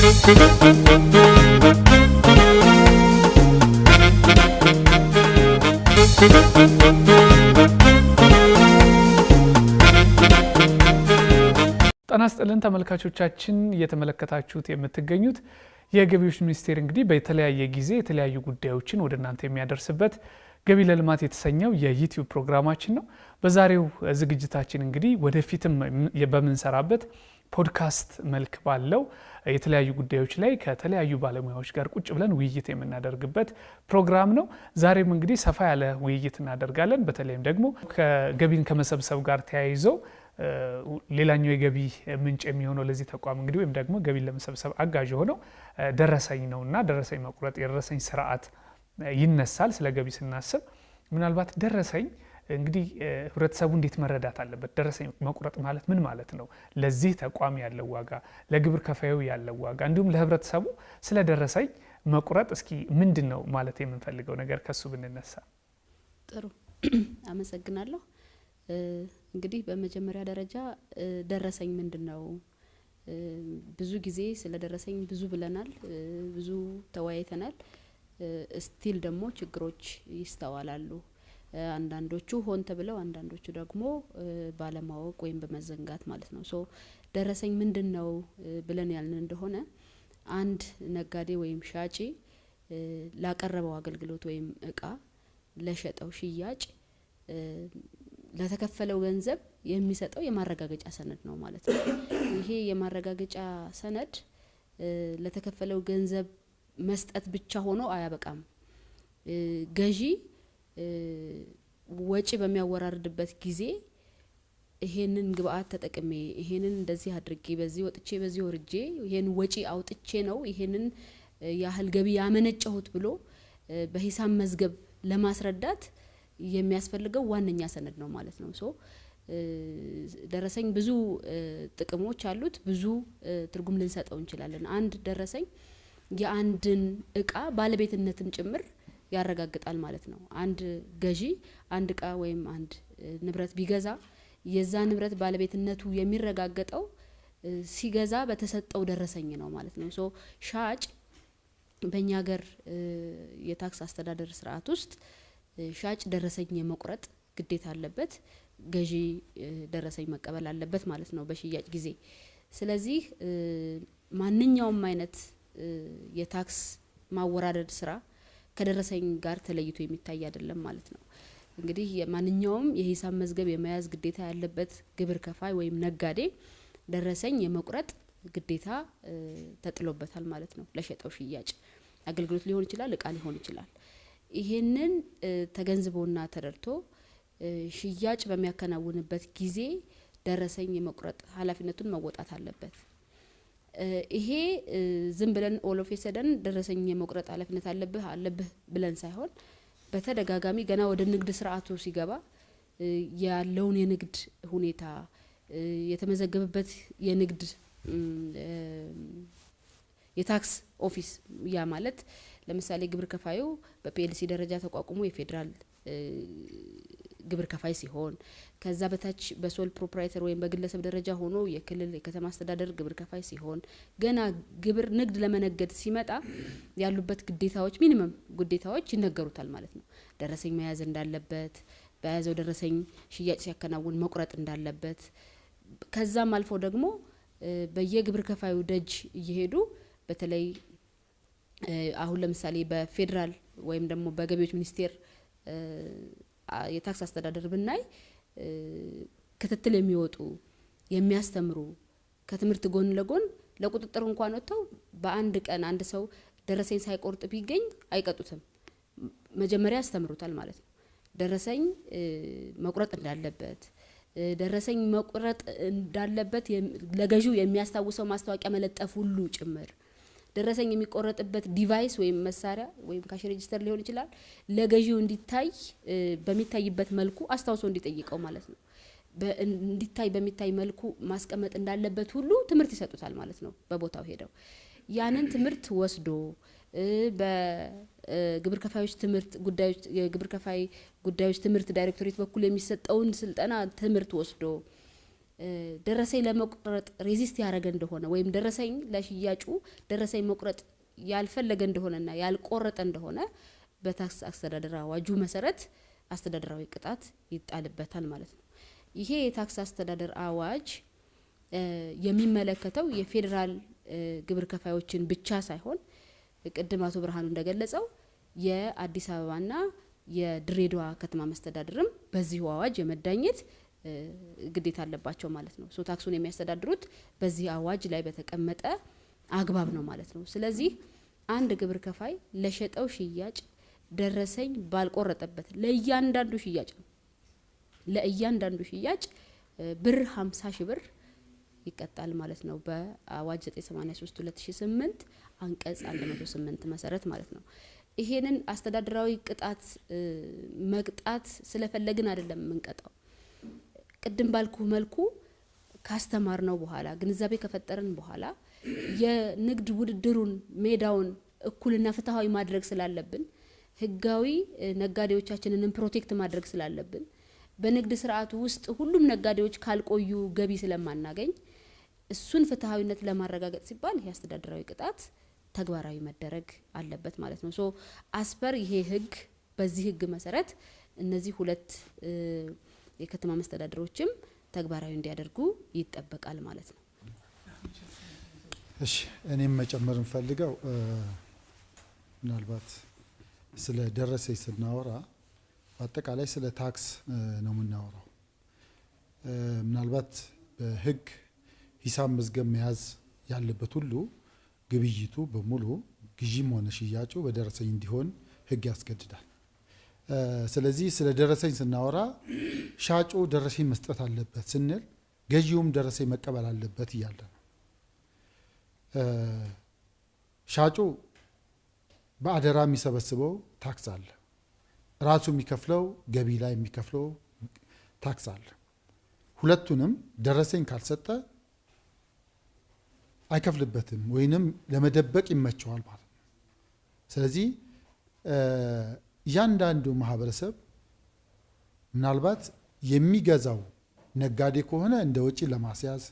ጤና ይስጥልን ተመልካቾቻችን፣ እየተመለከታችሁት የምትገኙት የገቢዎች ሚኒስቴር እንግዲህ በተለያየ ጊዜ የተለያዩ ጉዳዮችን ወደ እናንተ የሚያደርስበት ገቢ ለልማት የተሰኘው የዩቲዩብ ፕሮግራማችን ነው። በዛሬው ዝግጅታችን እንግዲህ ወደፊትም በምንሰራበት ፖድካስት መልክ ባለው የተለያዩ ጉዳዮች ላይ ከተለያዩ ባለሙያዎች ጋር ቁጭ ብለን ውይይት የምናደርግበት ፕሮግራም ነው። ዛሬም እንግዲህ ሰፋ ያለ ውይይት እናደርጋለን። በተለይም ደግሞ ከገቢን ከመሰብሰብ ጋር ተያይዘው ሌላኛው የገቢ ምንጭ የሚሆነው ለዚህ ተቋም እንግዲህ ወይም ደግሞ ገቢን ለመሰብሰብ አጋዥ የሆነው ደረሰኝ ነው እና ደረሰኝ መቁረጥ የደረሰኝ ስርዓት ይነሳል። ስለ ገቢ ስናስብ ምናልባት ደረሰኝ እንግዲህ ህብረተሰቡ እንዴት መረዳት አለበት? ደረሰኝ መቁረጥ ማለት ምን ማለት ነው? ለዚህ ተቋም ያለው ዋጋ፣ ለግብር ከፋዩ ያለው ዋጋ እንዲሁም ለህብረተሰቡ ስለ ደረሰኝ መቁረጥ እስኪ ምንድን ነው ማለት የምንፈልገው ነገር ከሱ ብንነሳ ጥሩ። አመሰግናለሁ። እንግዲህ በመጀመሪያ ደረጃ ደረሰኝ ምንድን ነው? ብዙ ጊዜ ስለ ደረሰኝ ብዙ ብለናል፣ ብዙ ተወያይተናል። ስቲል ደግሞ ችግሮች ይስተዋላሉ። አንዳንዶቹ ሆን ተብለው አንዳንዶቹ ደግሞ ባለማወቅ ወይም በመዘንጋት ማለት ነው። ሶ ደረሰኝ ምንድን ነው ብለን ያልን እንደሆነ አንድ ነጋዴ ወይም ሻጪ ላቀረበው አገልግሎት ወይም እቃ ለሸጠው ሽያጭ ለተከፈለው ገንዘብ የሚሰጠው የማረጋገጫ ሰነድ ነው ማለት ነው። ይሄ የማረጋገጫ ሰነድ ለተከፈለው ገንዘብ መስጠት ብቻ ሆኖ አያበቃም። ገዢ ወጪ በሚያወራርድበት ጊዜ ይሄንን ግብአት ተጠቅሜ ይሄንን እንደዚህ አድርጌ በዚህ ወጥቼ በዚህ ወርጄ ይሄን ወጪ አውጥቼ ነው ይሄንን ያህል ገቢ ያመነጨሁት ብሎ በሂሳብ መዝገብ ለማስረዳት የሚያስፈልገው ዋነኛ ሰነድ ነው ማለት ነው። ሶ ደረሰኝ ብዙ ጥቅሞች አሉት፣ ብዙ ትርጉም ልንሰጠው እንችላለን። አንድ ደረሰኝ የአንድን እቃ ባለቤትነትም ጭምር ያረጋግጣል ማለት ነው። አንድ ገዢ አንድ እቃ ወይም አንድ ንብረት ቢገዛ የዛ ንብረት ባለቤትነቱ የሚረጋገጠው ሲገዛ በተሰጠው ደረሰኝ ነው ማለት ነው። ሶ ሻጭ በእኛ ሀገር የታክስ አስተዳደር ስርዓት ውስጥ ሻጭ ደረሰኝ የመቁረጥ ግዴታ አለበት፣ ገዢ ደረሰኝ መቀበል አለበት ማለት ነው በሽያጭ ጊዜ። ስለዚህ ማንኛውም አይነት የታክስ ማወራደድ ስራ ከደረሰኝ ጋር ተለይቶ የሚታይ አይደለም ማለት ነው። እንግዲህ ማንኛውም የሂሳብ መዝገብ የመያዝ ግዴታ ያለበት ግብር ከፋይ ወይም ነጋዴ ደረሰኝ የመቁረጥ ግዴታ ተጥሎበታል ማለት ነው። ለሸጠው ሽያጭ አገልግሎት ሊሆን ይችላል፣ እቃ ሊሆን ይችላል። ይህንን ተገንዝቦና ተረድቶ ሽያጭ በሚያከናውንበት ጊዜ ደረሰኝ የመቁረጥ ኃላፊነቱን መወጣት አለበት። ይሄ ዝም ብለን ኦሎፍ የሰደን ደረሰኝ የመቁረጥ ኃላፊነት አለብህ አለብህ ብለን ሳይሆን በተደጋጋሚ ገና ወደ ንግድ ስርዓቱ ሲገባ ያለውን የንግድ ሁኔታ የተመዘገበበት የንግድ የታክስ ኦፊስ ያ ማለት ለምሳሌ ግብር ከፋዩ በፒኤልሲ ደረጃ ተቋቁሞ የፌዴራል ግብር ከፋይ ሲሆን ከዛ በታች በሶል ፕሮፕራይተር ወይም በግለሰብ ደረጃ ሆኖ የክልል የከተማ አስተዳደር ግብር ከፋይ ሲሆን ገና ግብር ንግድ ለመነገድ ሲመጣ ያሉበት ግዴታዎች ሚኒመም ግዴታዎች ይነገሩታል ማለት ነው። ደረሰኝ መያዝ እንዳለበት፣ በያዘው ደረሰኝ ሽያጭ ሲያከናውን መቁረጥ እንዳለበት፣ ከዛም አልፎ ደግሞ በየግብር ከፋዩ ደጅ እየሄዱ በተለይ አሁን ለምሳሌ በፌዴራል ወይም ደግሞ በገቢዎች ሚኒስቴር የታክስ አስተዳደር ብናይ ክትትል የሚወጡ የሚያስተምሩ ከትምህርት ጎን ለጎን ለቁጥጥር እንኳን ወጥተው በአንድ ቀን አንድ ሰው ደረሰኝ ሳይቆርጥ ቢገኝ አይቀጡትም። መጀመሪያ ያስተምሩታል ማለት ነው። ደረሰኝ መቁረጥ እንዳለበት ደረሰኝ መቁረጥ እንዳለበት ለገዢው የሚያስታውሰው ማስታወቂያ መለጠፍ ሁሉ ጭምር ደረሰኝ የሚቆረጥበት ዲቫይስ ወይም መሳሪያ ወይም ካሽ ሬጅስተር ሊሆን ይችላል ለገዢው እንዲታይ በሚታይበት መልኩ አስታውሶ እንዲጠይቀው ማለት ነው። እንዲታይ በሚታይ መልኩ ማስቀመጥ እንዳለበት ሁሉ ትምህርት ይሰጡታል ማለት ነው። በቦታው ሄደው ያንን ትምህርት ወስዶ በግብር ከፋዮች ትምህርት ጉዳዮች የግብር ከፋይ ጉዳዮች ትምህርት ዳይሬክቶሬት በኩል የሚሰጠውን ስልጠና ትምህርት ወስዶ ደረሰኝ ለመቁረጥ ሬዚስት ያደረገ እንደሆነ ወይም ደረሰኝ ለሽያጩ ደረሰኝ መቁረጥ ያልፈለገ እንደሆነና ያልቆረጠ እንደሆነ በታክስ አስተዳደር አዋጁ መሰረት አስተዳደራዊ ቅጣት ይጣልበታል ማለት ነው። ይሄ የታክስ አስተዳደር አዋጅ የሚመለከተው የፌዴራል ግብር ከፋዮችን ብቻ ሳይሆን ቅድም አቶ ብርሃኑ እንደገለጸው የአዲስ አበባና የድሬዳዋ ከተማ መስተዳድርም በዚሁ አዋጅ የመዳኘት ግዴታ አለባቸው ማለት ነው። ሶ ታክሱን የሚያስተዳድሩት በዚህ አዋጅ ላይ በተቀመጠ አግባብ ነው ማለት ነው። ስለዚህ አንድ ግብር ከፋይ ለሸጠው ሽያጭ ደረሰኝ ባልቆረጠበት ለእያንዳንዱ ሽያጭ ነው ለእያንዳንዱ ሽያጭ ብር 50 ሺ ብር ይቀጣል ማለት ነው። በአዋጅ 983 2008 አንቀጽ 108 መሰረት ማለት ነው። ይሄንን አስተዳደራዊ ቅጣት መቅጣት ስለፈለግን አይደለም የምንቀጣው ቅድም ባልኩ መልኩ ካስተማር ነው በኋላ ግንዛቤ ከፈጠረን በኋላ የንግድ ውድድሩን ሜዳውን እኩልና ፍትሐዊ ማድረግ ስላለብን ህጋዊ ነጋዴዎቻችንንም ፕሮቴክት ማድረግ ስላለብን በንግድ ስርዓቱ ውስጥ ሁሉም ነጋዴዎች ካልቆዩ ገቢ ስለማናገኝ እሱን ፍትሐዊነት ለማረጋገጥ ሲባል ይህ አስተዳደራዊ ቅጣት ተግባራዊ መደረግ አለበት ማለት ነው። ሶ አስፐር ይሄ ህግ በዚህ ህግ መሰረት እነዚህ ሁለት የከተማ መስተዳድሮችም ተግባራዊ እንዲያደርጉ ይጠበቃል ማለት ነው። እሺ እኔም መጨመር እንፈልገው ምናልባት ስለ ደረሰኝ ስናወራ በአጠቃላይ ስለ ታክስ ነው የምናወራው። ምናልባት በህግ ሂሳብ መዝገብ መያዝ ያለበት ሁሉ ግብይቱ በሙሉ ግዢም ሆነ ሽያጩ በደረሰኝ እንዲሆን ህግ ያስገድዳል። ስለዚህ ስለ ደረሰኝ ስናወራ ሻጩ ደረሰኝ መስጠት አለበት ስንል ገዢውም ደረሰኝ መቀበል አለበት እያለ ነው። ሻጩ በአደራ የሚሰበስበው ታክስ አለ። ራሱ የሚከፍለው ገቢ ላይ የሚከፍለው ታክስ አለ። ሁለቱንም ደረሰኝ ካልሰጠ አይከፍልበትም ወይንም ለመደበቅ ይመቸዋል ማለት ነው። ስለዚህ እያንዳንዱ ማህበረሰብ ምናልባት የሚገዛው ነጋዴ ከሆነ እንደ ወጪ ለማስያዝ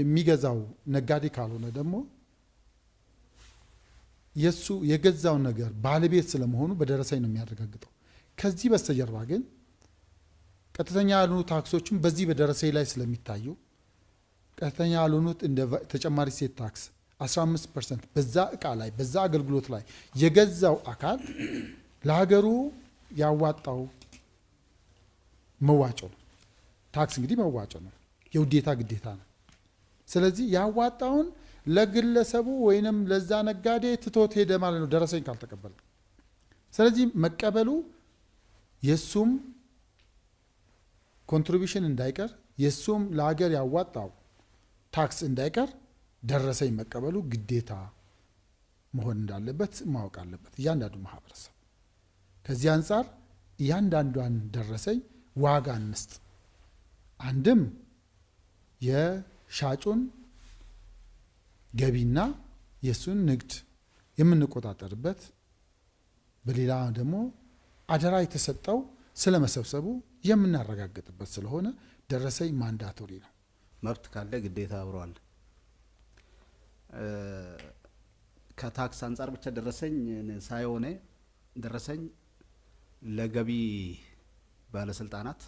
የሚገዛው ነጋዴ ካልሆነ ደግሞ የእሱ የገዛው ነገር ባለቤት ስለመሆኑ በደረሰኝ ነው የሚያረጋግጠው። ከዚህ በስተጀርባ ግን ቀጥተኛ ያልሆኑ ታክሶችም በዚህ በደረሰኝ ላይ ስለሚታዩ ቀጥተኛ ያልሆኑት እንደ ተጨማሪ ሴት ታክስ 15 ፐርሰንት በዛ እቃ ላይ በዛ አገልግሎት ላይ የገዛው አካል ለሀገሩ ያዋጣው መዋጮ ነው። ታክስ እንግዲህ መዋጮ ነው፣ የውዴታ ግዴታ ነው። ስለዚህ ያዋጣውን ለግለሰቡ ወይንም ለዛ ነጋዴ ትቶት ሄደ ማለት ነው፣ ደረሰኝ ካልተቀበለ። ስለዚህ መቀበሉ የእሱም ኮንትሪቢሽን እንዳይቀር የእሱም ለሀገር ያዋጣው ታክስ እንዳይቀር ደረሰኝ መቀበሉ ግዴታ መሆን እንዳለበት ማወቅ አለበት እያንዳንዱ ማህበረሰብ። ከዚህ አንጻር እያንዳንዷን ደረሰኝ ዋጋ እንስጥ። አንድም የሻጩን ገቢና የእሱን ንግድ የምንቆጣጠርበት፣ በሌላ ደግሞ አደራ የተሰጠው ስለ መሰብሰቡ የምናረጋግጥበት ስለሆነ ደረሰኝ ማንዳቶሪ ነው። መብት ካለ ግዴታ አብረዋል። ከታክስ አንጻር ብቻ ደረሰኝ ሳይሆነ ደረሰኝ ለገቢ ባለስልጣናት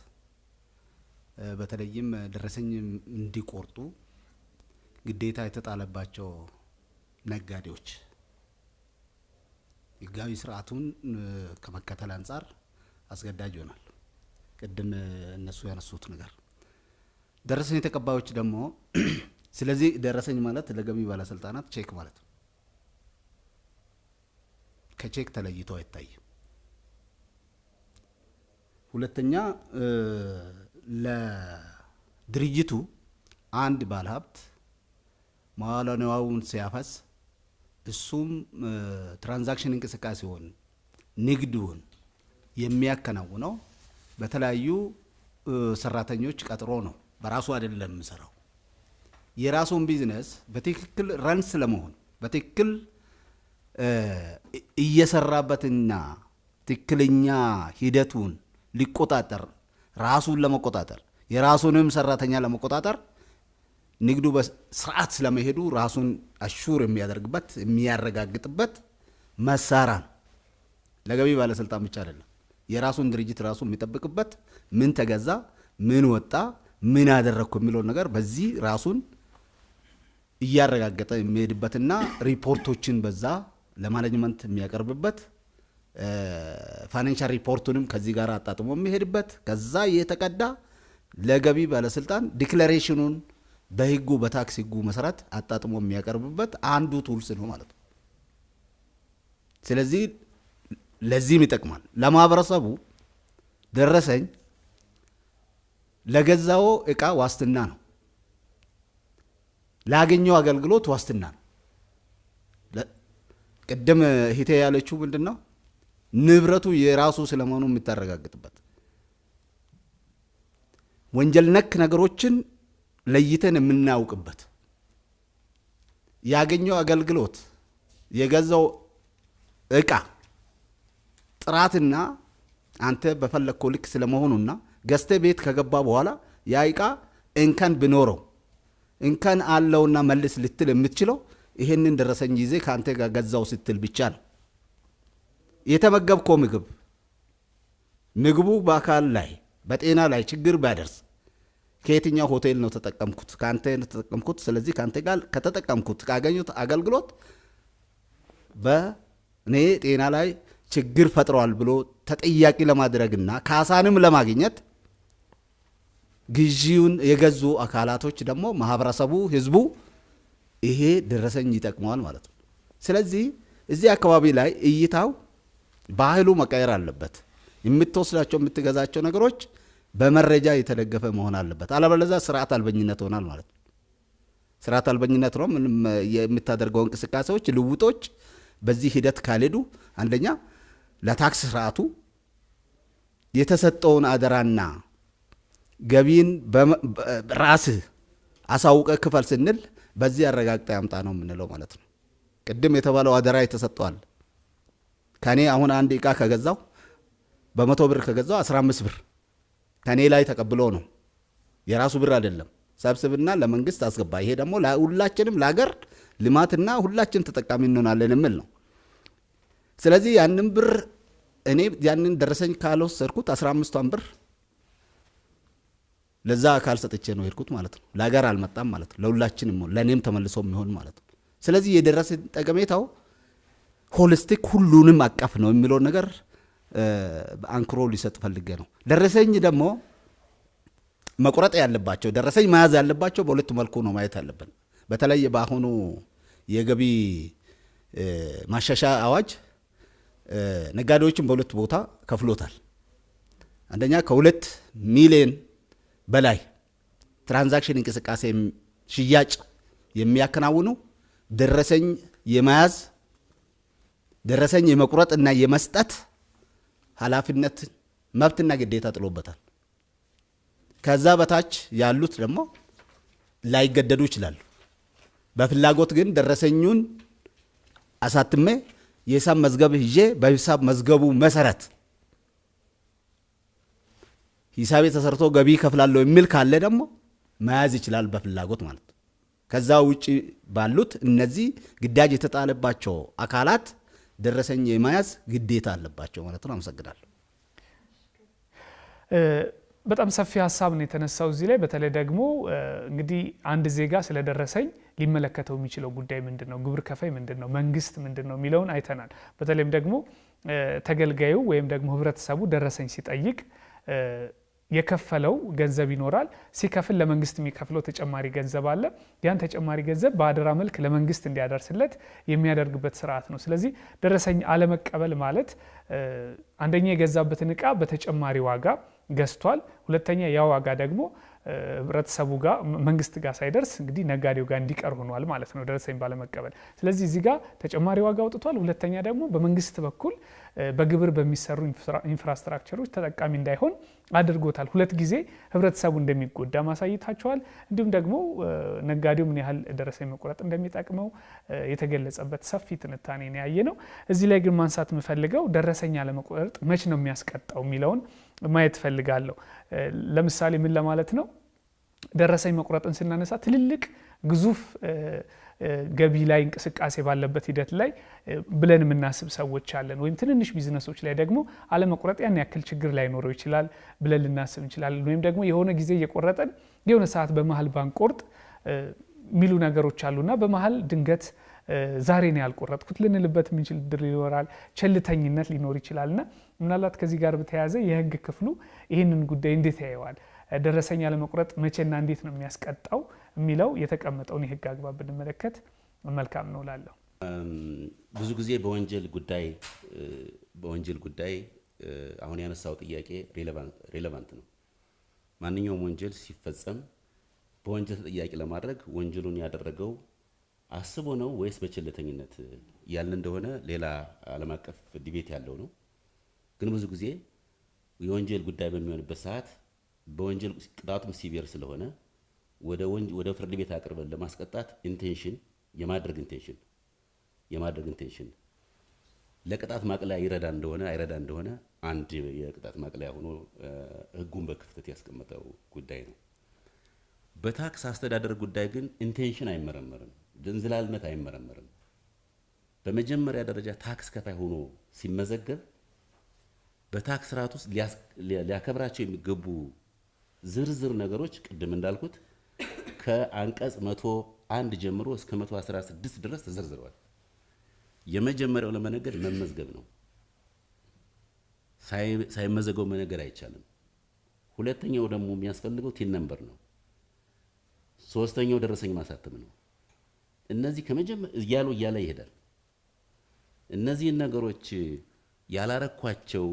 በተለይም ደረሰኝ እንዲቆርጡ ግዴታ የተጣለባቸው ነጋዴዎች ህጋዊ ስርዓቱን ከመከተል አንጻር አስገዳጅ ይሆናል። ቅድም እነሱ ያነሱት ነገር ደረሰኝ ተቀባዮች ደግሞ ስለዚህ ደረሰኝ ማለት ለገቢ ባለስልጣናት ቼክ ማለት ነው። ከቼክ ተለይቶ አይታይም። ሁለተኛ ለድርጅቱ አንድ ባለሀብት መዋለ ንዋዩን ሲያፈስ እሱም ትራንዛክሽን እንቅስቃሴውን ንግዱን የሚያከናውነው በተለያዩ ሰራተኞች ቀጥሮ ነው። በራሱ አይደለም የምሰራው የራሱን ቢዝነስ በትክክል ረንስ ለመሆን በትክክል እየሰራበትና ትክክለኛ ሂደቱን ሊቆጣጠር ራሱን ለመቆጣጠር የራሱንም ሰራተኛ ለመቆጣጠር ንግዱ በስርዓት ስለመሄዱ ራሱን አሹር የሚያደርግበት የሚያረጋግጥበት መሳሪያ ነው። ለገቢ ባለስልጣን ብቻ አይደለም። የራሱን ድርጅት ራሱ የሚጠብቅበት ምን ተገዛ፣ ምን ወጣ፣ ምን አደረግኩ የሚለውን ነገር በዚህ ራሱን እያረጋገጠ የሚሄድበትና ሪፖርቶችን በዛ ለማኔጅመንት የሚያቀርብበት ፋይናንሻል ሪፖርቱንም ከዚህ ጋር አጣጥሞ የሚሄድበት ከዛ የተቀዳ ለገቢ ባለስልጣን ዲክለሬሽኑን በህጉ በታክስ ህጉ መሰረት አጣጥሞ የሚያቀርብበት አንዱ ቱልስ ነው ማለት ነው። ስለዚህ ለዚህም ይጠቅማል። ለማህበረሰቡ ደረሰኝ ለገዛው እቃ ዋስትና ነው። ላገኘው አገልግሎት ዋስትና ነው። ቅድም ሂቴ ያለችው ምንድን ነው? ንብረቱ የራሱ ስለመሆኑ የምታረጋግጥበት ወንጀል ነክ ነገሮችን ለይተን የምናውቅበት ያገኘው አገልግሎት የገዛው እቃ ጥራትና አንተ በፈለግከው ልክ ስለመሆኑና ገዝተ ቤት ከገባ በኋላ ያ እቃ እንከን ብኖረው እንከን አለውና መልስ ልትል የምትችለው ይህንን ደረሰኝ ጊዜ ከአንተ ጋር ገዛው ስትል ብቻ ነው። የተመገብከው ምግብ ምግቡ በአካል ላይ በጤና ላይ ችግር ባደርስ ከየትኛው ሆቴል ነው ተጠቀምኩት? ከአንተ ነው ተጠቀምኩት። ስለዚህ ከአንተ ጋር ከተጠቀምኩት ካገኙት አገልግሎት በእኔ ጤና ላይ ችግር ፈጥሯል ብሎ ተጠያቂ ለማድረግና ካሳንም ለማግኘት ግዢውን የገዙ አካላቶች ደግሞ ማህበረሰቡ፣ ህዝቡ ይሄ ደረሰኝ ይጠቅመዋል ማለት ነው። ስለዚህ እዚህ አካባቢ ላይ እይታው ባህሉ መቀየር አለበት። የምትወስዳቸው የምትገዛቸው ነገሮች በመረጃ የተደገፈ መሆን አለበት። አለበለዚያ ስርዓት አልበኝነት ሆናል ማለት ነው። ስርዓት አልበኝነት ነው። ምንም የምታደርገው እንቅስቃሴዎች፣ ልውጦች በዚህ ሂደት ካልሄዱ አንደኛ ለታክስ ስርዓቱ የተሰጠውን አደራና ገቢን ራስህ አሳውቀ ክፈል ስንል በዚህ አረጋግጠ ያምጣ ነው የምንለው ማለት ነው። ቅድም የተባለው አደራ ተሰጥቷል። ከኔ አሁን አንድ ዕቃ ከገዛው በመቶ ብር ከገዛው 15 ብር ከኔ ላይ ተቀብሎ ነው የራሱ ብር አይደለም። ሰብስብና ለመንግስት አስገባ። ይሄ ደግሞ ሁላችንም ለሀገር ልማትና ሁላችን ተጠቃሚ እንሆናለን የሚል ነው። ስለዚህ ያንን ብር እኔ ያንን ደረሰኝ ካልወሰድኩት 15ቷን ብር ለዛ አካል ሰጥቼ ነው ሄድኩት ማለት ነው። ለሀገር አልመጣም ማለት ነው። ለሁላችንም ለእኔም ተመልሶ የሚሆን ማለት ነው። ስለዚህ የደረሰ ጠቀሜታው ሆሊስቲክ ሁሉንም አቀፍ ነው የሚለውን ነገር አንክሮ ሊሰጥ ፈልገ ነው። ደረሰኝ ደግሞ መቁረጥ ያለባቸው ደረሰኝ መያዝ ያለባቸው በሁለቱ መልኩ ነው ማየት ያለብን። በተለይ በአሁኑ የገቢ ማሻሻያ አዋጅ ነጋዴዎችን በሁለት ቦታ ከፍሎታል። አንደኛ ከሁለት ሚሊዮን በላይ ትራንዛክሽን እንቅስቃሴ ሽያጭ የሚያከናውኑ ደረሰኝ የመያዝ ደረሰኝ የመቁረጥ እና የመስጠት ኃላፊነት መብትና ግዴታ ጥሎበታል። ከዛ በታች ያሉት ደግሞ ላይገደዱ ይችላሉ። በፍላጎት ግን ደረሰኙን አሳትሜ የሂሳብ መዝገብ ይዤ በሂሳብ መዝገቡ መሰረት ሂሳቤ ተሰርቶ ገቢ ከፍላለሁ የሚል ካለ ደግሞ መያዝ ይችላል በፍላጎት ማለት ነው። ከዛ ውጭ ባሉት እነዚህ ግዳጅ የተጣለባቸው አካላት ደረሰኝ የመያዝ ግዴታ አለባቸው ማለት ነው። አመሰግናለሁ። በጣም ሰፊ ሀሳብ ነው የተነሳው እዚህ ላይ። በተለይ ደግሞ እንግዲህ አንድ ዜጋ ስለደረሰኝ ሊመለከተው የሚችለው ጉዳይ ምንድን ነው፣ ግብር ከፋይ ምንድን ነው፣ መንግስት ምንድን ነው የሚለውን አይተናል። በተለይም ደግሞ ተገልጋዩ ወይም ደግሞ ህብረተሰቡ ደረሰኝ ሲጠይቅ የከፈለው ገንዘብ ይኖራል። ሲከፍል ለመንግስት የሚከፍለው ተጨማሪ ገንዘብ አለ። ያን ተጨማሪ ገንዘብ በአደራ መልክ ለመንግስት እንዲያደርስለት የሚያደርግበት ስርዓት ነው። ስለዚህ ደረሰኝ አለመቀበል ማለት አንደኛ የገዛበትን ዕቃ በተጨማሪ ዋጋ ገዝቷል፣ ሁለተኛ ያ ዋጋ ደግሞ ህብረተሰቡ ጋር መንግስት ጋር ሳይደርስ እንግዲህ ነጋዴው ጋር እንዲቀር ሆኗል ማለት ነው፣ ደረሰኝ ባለመቀበል። ስለዚህ እዚህ ጋር ተጨማሪ ዋጋ አውጥቷል። ሁለተኛ ደግሞ በመንግስት በኩል በግብር በሚሰሩ ኢንፍራስትራክቸሮች ተጠቃሚ እንዳይሆን አድርጎታል። ሁለት ጊዜ ህብረተሰቡ እንደሚጎዳ ማሳይታቸዋል። እንዲሁም ደግሞ ነጋዴው ምን ያህል ደረሰኝ መቁረጥ እንደሚጠቅመው የተገለጸበት ሰፊ ትንታኔ ነው ያየ ነው። እዚህ ላይ ግን ማንሳት የምፈልገው ደረሰኛ ለመቁረጥ መች ነው የሚያስቀጣው የሚለውን ማየት ፈልጋለሁ። ለምሳሌ ምን ለማለት ነው? ደረሰኝ መቁረጥን ስናነሳ ትልልቅ ግዙፍ ገቢ ላይ እንቅስቃሴ ባለበት ሂደት ላይ ብለን የምናስብ ሰዎች አለን። ወይም ትንንሽ ቢዝነሶች ላይ ደግሞ አለመቁረጥ ያን ያክል ችግር ላይኖረው ይችላል ብለን ልናስብ እንችላለን። ወይም ደግሞ የሆነ ጊዜ እየቆረጠን የሆነ ሰዓት በመሀል ባንቆርጥ የሚሉ ነገሮች አሉና በመሀል ድንገት ዛሬ ነው ያልቆረጥኩት ልንልበት የምንችል ድር ይኖራል፣ ቸልተኝነት ሊኖር ይችላል እና ምናልባት ከዚህ ጋር በተያያዘ የህግ ክፍሉ ይህንን ጉዳይ እንዴት ያየዋል፣ ደረሰኛ ለመቁረጥ መቼና እንዴት ነው የሚያስቀጣው የሚለው የተቀመጠውን የህግ አግባብ ብንመለከት መልካም ነው ላለሁ ብዙ ጊዜ በወንጀል ጉዳይ በወንጀል ጉዳይ አሁን ያነሳው ጥያቄ ሬሌቫንት ነው። ማንኛውም ወንጀል ሲፈጸም በወንጀል ተጠያቂ ለማድረግ ወንጀሉን ያደረገው አስቦ ነው ወይስ በቸልተኝነት ያልን እንደሆነ ሌላ ዓለም አቀፍ ዲቤት ያለው ነው። ግን ብዙ ጊዜ የወንጀል ጉዳይ በሚሆንበት ሰዓት በወንጀል ቅጣቱም ሲቪር ስለሆነ ወደ ፍርድ ቤት አቅርበን ለማስቀጣት ኢንቴንሽን የማድረግ ኢንቴንሽን የማድረግ ኢንቴንሽን ለቅጣት ማቅለያ ይረዳ እንደሆነ አይረዳ እንደሆነ አንድ የቅጣት ማቅለያ ሆኖ ህጉን በክፍተት ያስቀመጠው ጉዳይ ነው። በታክስ አስተዳደር ጉዳይ ግን ኢንቴንሽን አይመረመርም። በእንዝላልነት አይመረመርም። በመጀመሪያ ደረጃ ታክስ ከፋይ ሆኖ ሲመዘገብ በታክስ ስርዓት ውስጥ ሊያከብራቸው የሚገቡ ዝርዝር ነገሮች ቅድም እንዳልኩት ከአንቀጽ መቶ አንድ ጀምሮ እስከ መቶ ድረስ ተዘርዝረዋል። የመጀመሪያው ለመነገድ መመዝገብ ነው። ሳይመዘገቡ መነገድ አይቻልም። ሁለተኛው ደግሞ የሚያስፈልገው ቲን ነምበር ነው። ሶስተኛው ደረሰኝ ማሳተም ነው። እነዚህ ከመጀመር እያሉ እያለ ይሄዳል። እነዚህን ነገሮች ያላረኳቸው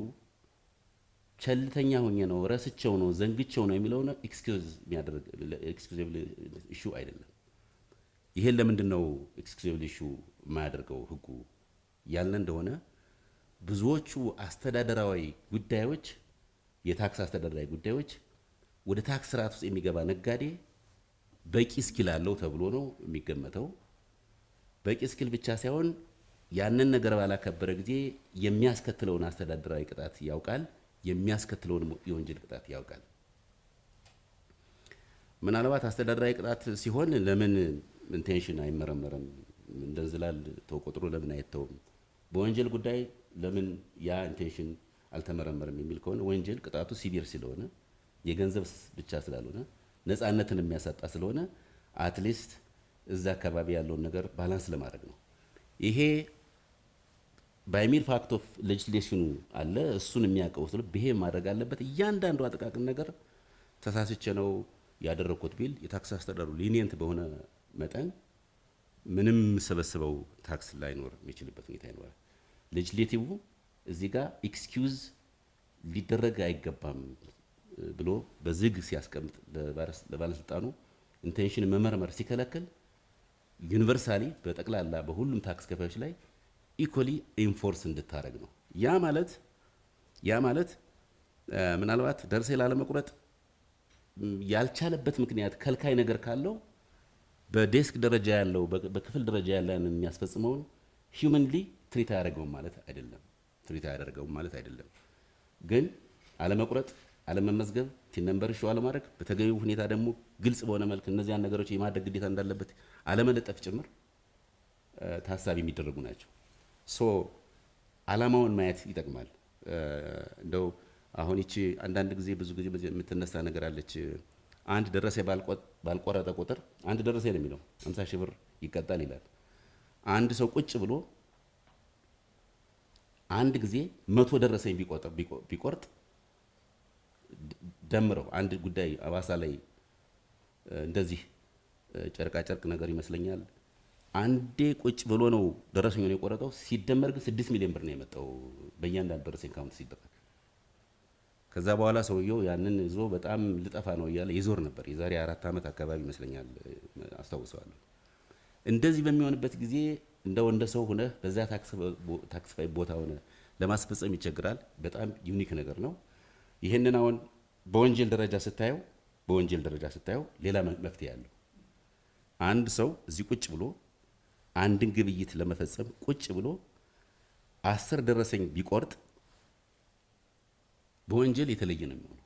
ቸልተኛ ሆኜ ነው፣ ረስቸው ነው፣ ዘንግቸው ነው የሚለው ኤክስኪውዝ የሚያደርግ ኢሹ አይደለም። ይሄን ለምንድን ነው ኤክስኪውዝብል ኢሹ የማያደርገው ህጉ ያለ እንደሆነ ብዙዎቹ አስተዳደራዊ ጉዳዮች የታክስ አስተዳደራዊ ጉዳዮች ወደ ታክስ ስርዓት ውስጥ የሚገባ ነጋዴ በቂ አለው ተብሎ ነው የሚገመተው። በቂ ስኪል ብቻ ሳይሆን ያንን ነገር ባላከበረ ጊዜ የሚያስከትለውን አስተዳደራዊ ቅጣት ያውቃል፣ የሚያስከትለውን የወንጀል ቅጣት ያውቃል። ምናልባት አስተዳደራዊ ቅጣት ሲሆን ለምን ኢንቴንሽን አይመረመርም? እንደዝላል ተቆጥሮ ለምን አይተውም? በወንጀል ጉዳይ ለምን ያ ኢንቴንሽን አልተመረመርም የሚል ከሆነ ወንጀል ቅጣቱ ሲቪር ስለሆነ የገንዘብ ብቻ ስላልሆነ ነፃነትን የሚያሳጣ ስለሆነ አትሊስት እዛ አካባቢ ያለውን ነገር ባላንስ ለማድረግ ነው። ይሄ ባይሚል ፋክት ኦፍ ሌጅስሌሽኑ አለ። እሱን የሚያውቀው ስለ ብሄ ማድረግ አለበት። እያንዳንዱ አጠቃቅን ነገር ተሳስቼ ነው ያደረግኩት ቢል የታክስ አስተዳደሩ ሊኒየንት በሆነ መጠን ምንም የምሰበስበው ታክስ ላይኖር የሚችልበት ሁኔታ ይኖራል። ሌጅስሌቲቭ እዚህ ጋር ኤክስኪውዝ ሊደረግ አይገባም ብሎ በዝግ ሲያስቀምጥ ለባለስልጣኑ ኢንቴንሽን መመርመር ሲከለክል ዩኒቨርሳሊ በጠቅላላ በሁሉም ታክስ ከፋዮች ላይ ኢኮሊ ኢንፎርስ እንድታደረግ ነው። ያ ማለት ያ ማለት ምናልባት ደርሴ ላለመቁረጥ ያልቻለበት ምክንያት ከልካይ ነገር ካለው በዴስክ ደረጃ ያለው በክፍል ደረጃ ያለን የሚያስፈጽመውን ሂውመንሊ ትሪት አያደርገውም ማለት አይደለም። ትሪት አያደርገውም ማለት አይደለም ግን አለመቁረጥ አለመመዝገብ ቲን ነምበር አለማድረግ በተገቢው ሁኔታ ደግሞ ግልጽ በሆነ መልክ እነዚያን ነገሮች የማድረግ ግዴታ እንዳለበት አለመለጠፍ ጭምር ታሳቢ የሚደረጉ ናቸው። ሶ አላማውን ማየት ይጠቅማል። እንደው አሁን ይቺ አንዳንድ ጊዜ ብዙ ጊዜ የምትነሳ ነገር አለች። አንድ ደረሰ ባልቆረጠ ቁጥር አንድ ደረሰ ነው የሚለው ሃምሳ ሺህ ብር ይቀጣል ይላል። አንድ ሰው ቁጭ ብሎ አንድ ጊዜ መቶ ደረሰኝ ቢቆርጥ ደምረው አንድ ጉዳይ አዋሳ ላይ እንደዚህ ጨርቃጨርቅ ነገር ይመስለኛል አንዴ ቁጭ ብሎ ነው ደረሰኝ ነው የቆረጠው። ሲደመር ግን ስድስት ሚሊዮን ብር ነው የመጣው በእያንዳንዱ ደረሰኝ ካውንት ሲደረግ። ከዛ በኋላ ሰውየው ያንን ይዞ በጣም ልጠፋ ነው እያለ ይዞር ነበር። የዛሬ አራት ዓመት አካባቢ ይመስለኛል አስታውሰዋለሁ። እንደዚህ በሚሆንበት ጊዜ እንደው እንደ ሰው ሆነ በዛ ታክስፋይ ቦታ ሆነ ለማስፈጸም ይቸግራል። በጣም ዩኒክ ነገር ነው። ይህንን አሁን በወንጀል ደረጃ ስታየው በወንጀል ደረጃ ስታየው ሌላ መፍትሄ ያለው አንድ ሰው እዚህ ቁጭ ብሎ አንድን ግብይት ለመፈጸም ቁጭ ብሎ አስር ደረሰኝ ቢቆርጥ በወንጀል የተለየ ነው የሚሆነው።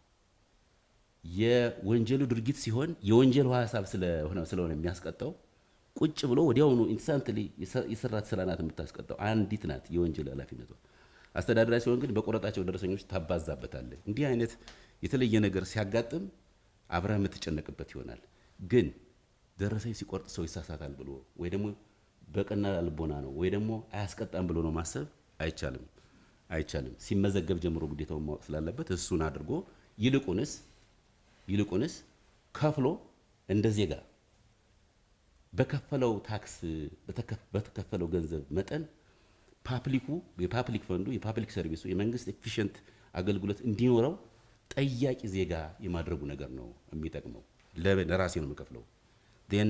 የወንጀሉ ድርጊት ሲሆን የወንጀሉ ሀሳብ ስለሆነ ስለሆነ የሚያስቀጣው ቁጭ ብሎ ወዲያውኑ ኢንስታንትሊ የሰራት ስራ ናት የምታስቀጣው አንዲት ናት የወንጀል ኃላፊነቷ። አስተዳደራ ሲሆን ግን በቆረጣቸው ደረሰኞች ታባዛበታለህ። እንዲህ አይነት የተለየ ነገር ሲያጋጥም አብረህ የምትጨነቅበት ይሆናል። ግን ደረሰኝ ሲቆርጥ ሰው ይሳሳታል ብሎ ወይ ደግሞ በቀና ልቦና ነው ወይ ደግሞ አያስቀጣም ብሎ ነው ማሰብ አይቻልም አይቻልም። ሲመዘገብ ጀምሮ ግዴታውን ማወቅ ስላለበት እሱን አድርጎ ይልቁንስ ይልቁንስ ከፍሎ እንደ ዜጋ በከፈለው ታክስ በተከፈለው ገንዘብ መጠን ፓብሊኩ የፓብሊክ ፈንዱ የፓብሊክ ሰርቪሱ የመንግስት ኤፊሽንት አገልግሎት እንዲኖረው ጠያቂ ዜጋ የማድረጉ ነገር ነው የሚጠቅመው። ለራሴ ነው የምከፍለው።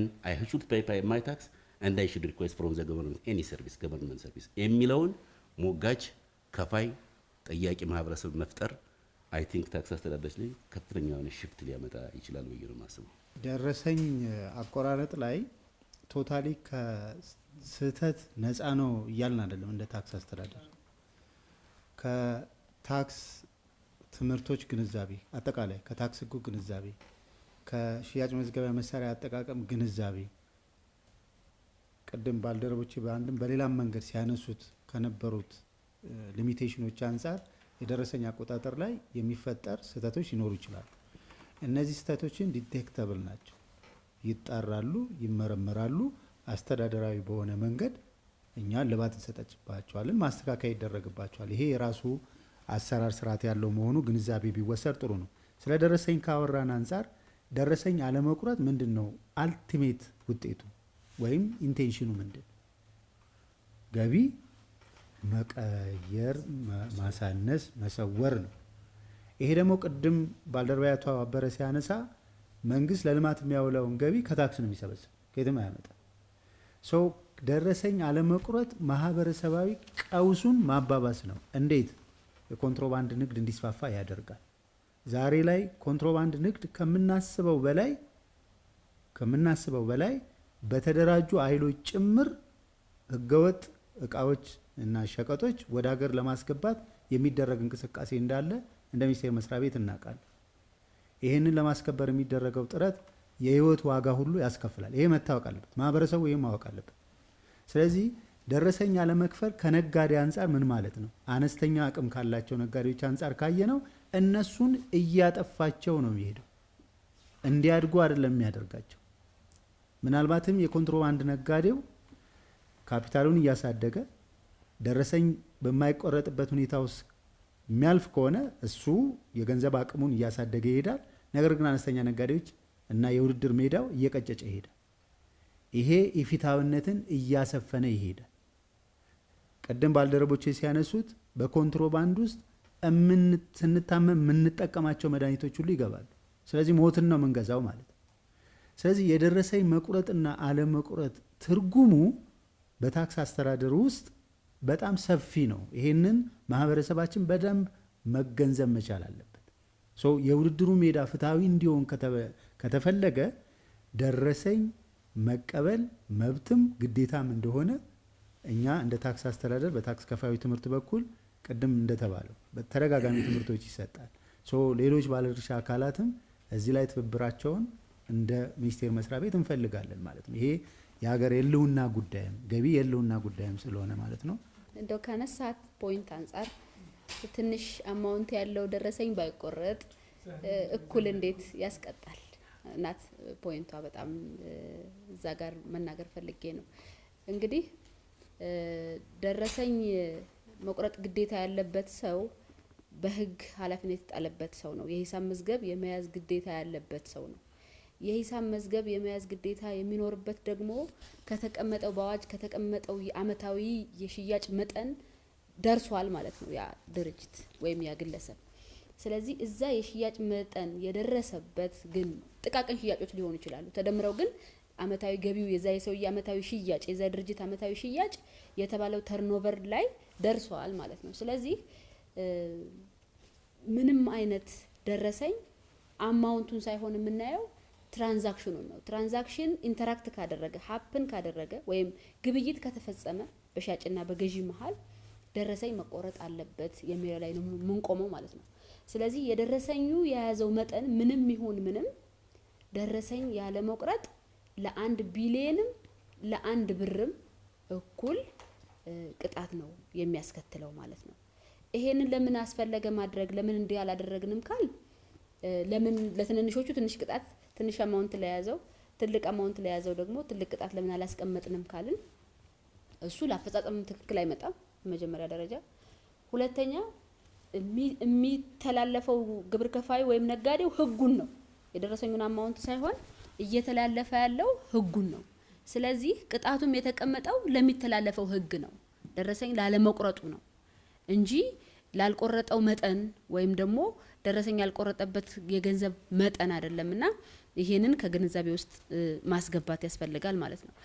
ን አይ ሹድ ፔይ ማይ ታክስ አንድ አይ ሹድ ሪኩዌስት ፍሮም ዘ ገቨርንመንት ኤኒ ሰርቪስ ገቨርንመንት ሰርቪስ የሚለውን ሞጋጅ፣ ከፋይ፣ ጠያቂ ማህበረሰብ መፍጠር አይ ቲንክ ታክስ አስተዳደሮች ላይ ከፍተኛ የሆነ ሽፍት ሊያመጣ ይችላል ብዬ ነው ማስበው። ደረሰኝ አቆራረጥ ላይ ቶታሊ ከስህተት ነፃ ነው እያልን አይደለም። እንደ ታክስ አስተዳደር ከታክስ ትምህርቶች ግንዛቤ፣ አጠቃላይ ከታክስ ህጉ ግንዛቤ፣ ከሽያጭ መዝገቢያ መሳሪያ አጠቃቀም ግንዛቤ ቅድም ባልደረቦች በአንድም በሌላም መንገድ ሲያነሱት ከነበሩት ሊሚቴሽኖች አንጻር የደረሰኝ አቆጣጠር ላይ የሚፈጠር ስህተቶች ሊኖሩ ይችላሉ። እነዚህ ስህተቶችን ዲቴክተብል ናቸው፣ ይጣራሉ፣ ይመረመራሉ። አስተዳደራዊ በሆነ መንገድ እኛ ልባት እንሰጠችባቸዋለን፣ ማስተካከያ ይደረግባቸዋል። ይሄ የራሱ አሰራር ስርዓት ያለው መሆኑ ግንዛቤ ቢወሰድ ጥሩ ነው። ስለ ደረሰኝ ካወራን አንጻር ደረሰኝ አለመቁረጥ ምንድን ነው? አልቲሜት ውጤቱ ወይም ኢንቴንሽኑ ምንድን ገቢ መቀየር፣ ማሳነስ፣ መሰወር ነው። ይሄ ደግሞ ቅድም ባልደረባያቷ አበረ ሲያነሳ መንግስት ለልማት የሚያውለውን ገቢ ከታክስ ነው የሚሰበስብ፣ ከየትም አያመጣም። ሰው ደረሰኝ አለመቁረጥ ማህበረሰባዊ ቀውሱን ማባባስ ነው። እንዴት የኮንትሮባንድ ንግድ እንዲስፋፋ ያደርጋል። ዛሬ ላይ ኮንትሮባንድ ንግድ ከምናስበው በላይ ከምናስበው በላይ በተደራጁ ኃይሎች ጭምር ህገወጥ እቃዎች እና ሸቀጦች ወደ ሀገር ለማስገባት የሚደረግ እንቅስቃሴ እንዳለ እንደ ሚኒስቴር መስሪያ ቤት እናውቃለን። ይህንን ለማስከበር የሚደረገው ጥረት የህይወት ዋጋ ሁሉ ያስከፍላል። ይሄ መታወቅ አለበት። ማህበረሰቡ ይህም ማወቅ አለበት። ስለዚህ ደረሰኝ አለመክፈል ከነጋዴ አንጻር ምን ማለት ነው? አነስተኛ አቅም ካላቸው ነጋዴዎች አንጻር ካየ ነው እነሱን እያጠፋቸው ነው የሚሄደው። እንዲያድጉ አይደለም የሚያደርጋቸው። ምናልባትም የኮንትሮባንድ ነጋዴው ካፒታሉን እያሳደገ ደረሰኝ በማይቆረጥበት ሁኔታ ውስጥ የሚያልፍ ከሆነ እሱ የገንዘብ አቅሙን እያሳደገ ይሄዳል። ነገር ግን አነስተኛ ነጋዴዎች እና የውድድር ሜዳው እየቀጨጨ ይሄዳል። ይሄ ኢፍትሐዊነትን እያሰፈነ ይሄዳል። ቀደም ባልደረቦች ሲያነሱት በኮንትሮባንድ ውስጥ ስንታመም የምንጠቀማቸው መድኃኒቶች ሁሉ ይገባሉ። ስለዚህ ሞትን ነው የምንገዛው ማለት ነው። ስለዚህ የደረሰኝ መቁረጥና አለመቁረጥ ትርጉሙ በታክስ አስተዳደር ውስጥ በጣም ሰፊ ነው። ይሄንን ማህበረሰባችን በደንብ መገንዘብ መቻል አለበት። ሰው የውድድሩ ሜዳ ፍትሐዊ እንዲሆን ከተፈለገ ደረሰኝ መቀበል መብትም ግዴታም እንደሆነ እኛ እንደ ታክስ አስተዳደር በታክስ ከፋዩ ትምህርት በኩል ቅድም እንደተባለው በተደጋጋሚ ትምህርቶች ይሰጣል። ሌሎች ባለድርሻ አካላትም እዚህ ላይ ትብብራቸውን እንደ ሚኒስቴር መስሪያ ቤት እንፈልጋለን ማለት ነው። ይሄ የሀገር የልውና ጉዳይም ገቢ የልውና ጉዳይም ስለሆነ ማለት ነው። እንደው ከነሳት ፖይንት አንጻር ትንሽ አማውንት ያለው ደረሰኝ ባይቆረጥ እኩል እንዴት ያስቀጣል? እናት ፖይንቷ በጣም እዛ ጋር መናገር ፈልጌ ነው እንግዲህ ደረሰኝ መቁረጥ ግዴታ ያለበት ሰው በህግ ሀላፊነት የተጣለበት ሰው ነው። የሂሳብ መዝገብ የመያዝ ግዴታ ያለበት ሰው ነው። የሂሳብ መዝገብ የመያዝ ግዴታ የሚኖርበት ደግሞ ከተቀመጠው በአዋጅ ከተቀመጠው የአመታዊ የሽያጭ መጠን ደርሷል ማለት ነው ያ ድርጅት ወይም ያ ግለሰብ። ስለዚህ እዛ የሽያጭ መጠን የደረሰበት ግን ጥቃቅን ሽያጮች ሊሆኑ ይችላሉ። ተደምረው ግን አመታዊ ገቢው የዛ የሰውየ አመታዊ ሽያጭ የዛ ድርጅት አመታዊ ሽያጭ የተባለው ተርኖቨር ላይ ደርሰዋል ማለት ነው። ስለዚህ ምንም አይነት ደረሰኝ አማውንቱን ሳይሆን የምናየው ትራንዛክሽኑን ነው። ትራንዛክሽን ኢንተራክት ካደረገ ሀፕን ካደረገ ወይም ግብይት ከተፈጸመ በሻጭና በገዢ መሀል ደረሰኝ መቆረጥ አለበት የሚለው ላይ ነው የምንቆመው ማለት ነው። ስለዚህ የደረሰኙ የያዘው መጠን ምንም ይሁን ምንም ደረሰኝ ያለ መቁረጥ ለአንድ ቢሊየንም ለአንድ ብርም እኩል ቅጣት ነው የሚያስከትለው ማለት ነው። ይሄንን ለምን አስፈለገ ማድረግ? ለምን እንዲህ አላደረግንም ካል ለምን ለትንንሾቹ ትንሽ ቅጣት ትንሽ አማውንት ለያዘው ትልቅ አማውንት ለያዘው ደግሞ ትልቅ ቅጣት ለምን አላስቀመጥንም ካልን እሱ ለአፈጻጸም ትክክል አይመጣም። መጀመሪያ ደረጃ ሁለተኛ የሚተላለፈው ግብር ከፋዩ ወይም ነጋዴው ህጉን ነው የደረሰኙን አማውንት ሳይሆን እየተላለፈ ያለው ህጉን ነው። ስለዚህ ቅጣቱም የተቀመጠው ለሚተላለፈው ህግ ነው፣ ደረሰኝ ላለመቁረጡ ነው እንጂ ላልቆረጠው መጠን ወይም ደግሞ ደረሰኝ ያልቆረጠበት የገንዘብ መጠን አይደለምና ይሄንን ከግንዛቤ ውስጥ ማስገባት ያስፈልጋል ማለት ነው።